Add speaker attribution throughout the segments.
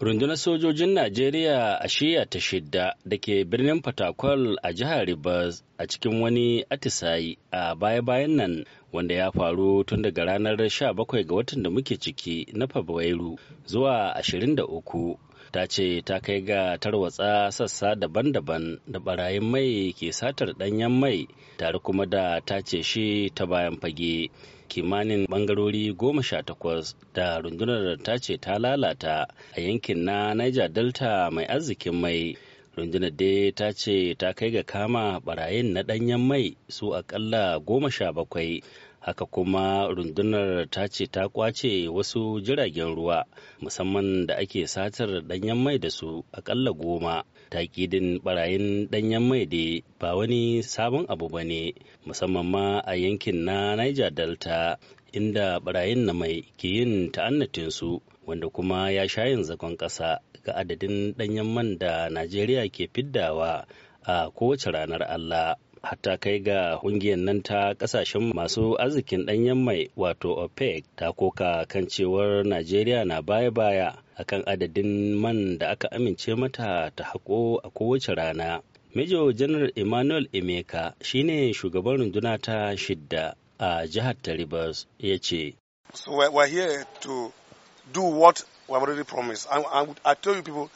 Speaker 1: Rundunar sojojin Najeriya a shiya ta shidda da ke birnin Fatakwal a jihar Ribas a cikin wani atisayi a baya-bayan nan wanda ya faru tun daga ranar 17 ga watan da muke ciki na Fabrairu zuwa 23 ta ce ta kai ga tarwatsa sassa daban-daban da barayin mai ke satar danyen mai tare kuma da ta ce shi ta bayan fage kimanin bangarori goma sha takwas da rundunar ta ce ta lalata a yankin na niger delta mai arzikin mai rundunar dai ta ce ta kai ga kama barayin na danyen mai su akalla goma sha bakwai haka kuma rundunar ta ce ta kwace wasu jiragen ruwa musamman da ake satar danyen mai da su akalla goma Taƙidin barayin danyen mai da ba wani sabon abu ba ne musamman ma a yankin na niger delta inda barayin na mai ke yin ta'annatinsu wanda kuma ya shayin zagon ƙasa ga adadin danyen man da najeriya ke fiddawa a kowace ranar allah hatta kai ga kungiyar nan ta kasashen masu arzikin ɗanyen mai wato opec ta koka kan cewar najeriya na baya-baya akan adadin man da aka amince mata ta haƙo a kowace rana Major General Emmanuel Emeka shine shugaban runduna ta shidda a jihar ta Rivers ya ce. So we're here to do what we already promised. I, I, I tell you people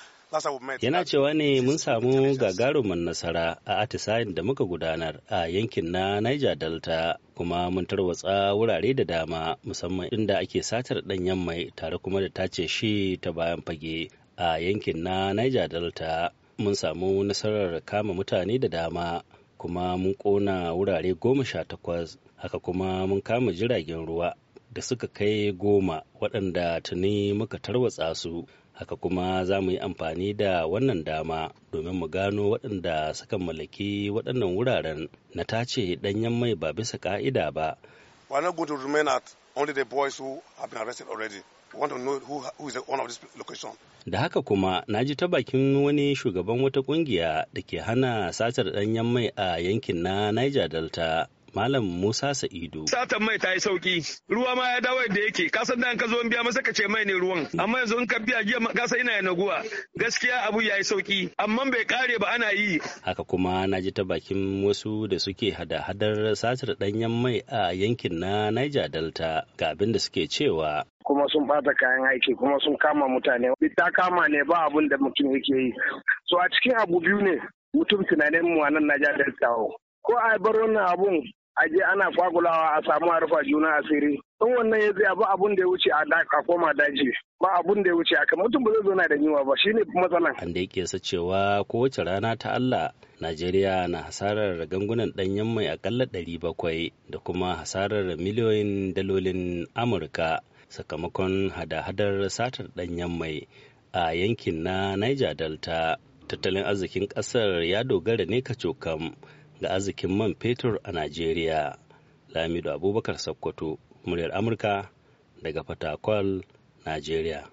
Speaker 1: Yana cewa ne mun samu gagarumin nasara a atisayen da muka gudanar a yankin na Niger Delta kuma mun tarwatsa wurare da dama musamman inda ake satar ɗanyen mai tare kuma da tace shi ta bayan fage a yankin na Niger Delta. Mun samu nasarar kama mutane da dama kuma mun ƙona wurare goma sha takwas haka kuma mun kama jiragen ruwa da suka kai goma waɗanda tuni muka tarwatsa su haka kuma za mu yi amfani da wannan dama domin mu gano waɗanda suka mallaki waɗannan wuraren na tace ɗanyen mai ba bisa ƙa'ida ba. Da haka kuma na ji ta bakin wani shugaban wata kungiya da ke hana satar ɗanyen mai a yankin na Niger Delta Malam Musa Sa'idu. Satan mai ta yi sauki. Ruwa ma ya dawo da yake. Ka san da ka zo biya masa ka ce mai ne ruwan. Amma yanzu in ka biya jiya ka san ina naguwa. Gaskiya abu ya yi sauki. Amma bai kare ba ana yi. Haka kuma na ji ta bakin wasu da suke hada-hadar satar ɗanyen mai a yankin na Niger Delta ga abin da suke cewa. kuma sun bata kayan aiki kuma sun kama mutane ta kama ne ba abin da mutum yake yi so a cikin abu biyu ne mutum tunanin mu a nan na ja delta ko a bar wannan abun A aje ana kwakulawa a samu a rufa juna asiri in wannan ya zai abu abun da ya wuce a koma daji ba abun da ya wuce a kamar mutum ba zai zo na da yiwa ba shine matsalan an da yake sa cewa kowace rana ta Allah Najeriya na hasarar gangunan ɗanyen mai akalla bakwai, da kuma hasarar miliyoyin dalolin Amurka sakamakon hada-hadar satar ɗanyen mai a yankin na Niger Delta tattalin arzikin ƙasar ya dogara ne kacokam ga arzikin man fetur a Najeriya. Lamido Abubakar Sokoto, muryar Amurka daga Fatakwal, Najeriya.